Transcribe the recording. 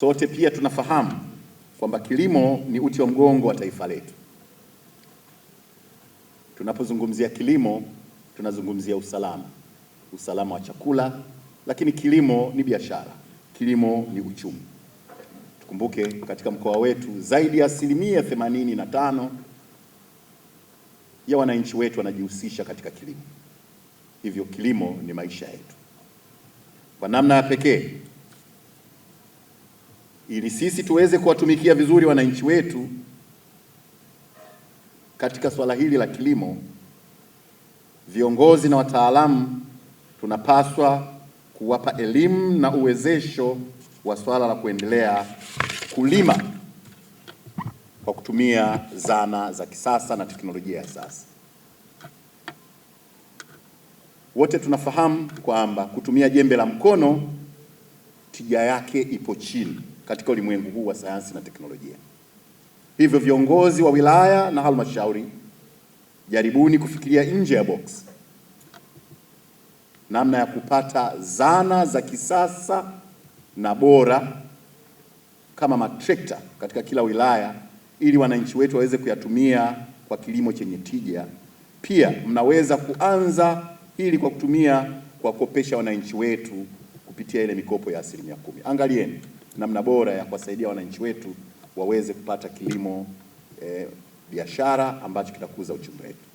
Sote pia tunafahamu kwamba kilimo ni uti wa mgongo wa taifa letu. Tunapozungumzia kilimo, tunazungumzia usalama, usalama wa chakula, lakini kilimo ni biashara, kilimo ni uchumi. Tukumbuke katika mkoa wetu zaidi ya asilimia themanini na tano ya wananchi wetu wanajihusisha katika kilimo, hivyo kilimo ni maisha yetu kwa namna ya pekee ili sisi tuweze kuwatumikia vizuri wananchi wetu katika swala hili la kilimo, viongozi na wataalamu tunapaswa kuwapa elimu na uwezesho wa swala la kuendelea kulima kwa kutumia zana za kisasa na teknolojia ya sasa. Wote tunafahamu kwamba kutumia jembe la mkono tija yake ipo chini katika ulimwengu huu wa sayansi na teknolojia. Hivyo viongozi wa wilaya na halmashauri, jaribuni kufikiria nje ya box, namna ya kupata zana za kisasa na bora kama matrekta katika kila wilaya, ili wananchi wetu waweze kuyatumia kwa kilimo chenye tija. Pia mnaweza kuanza hili kwa kutumia kuwakopesha wananchi wetu kupitia ile mikopo ya asilimia kumi. Angalieni namna bora ya kuwasaidia wananchi wetu waweze kupata kilimo eh, biashara ambacho kitakuza uchumi wetu.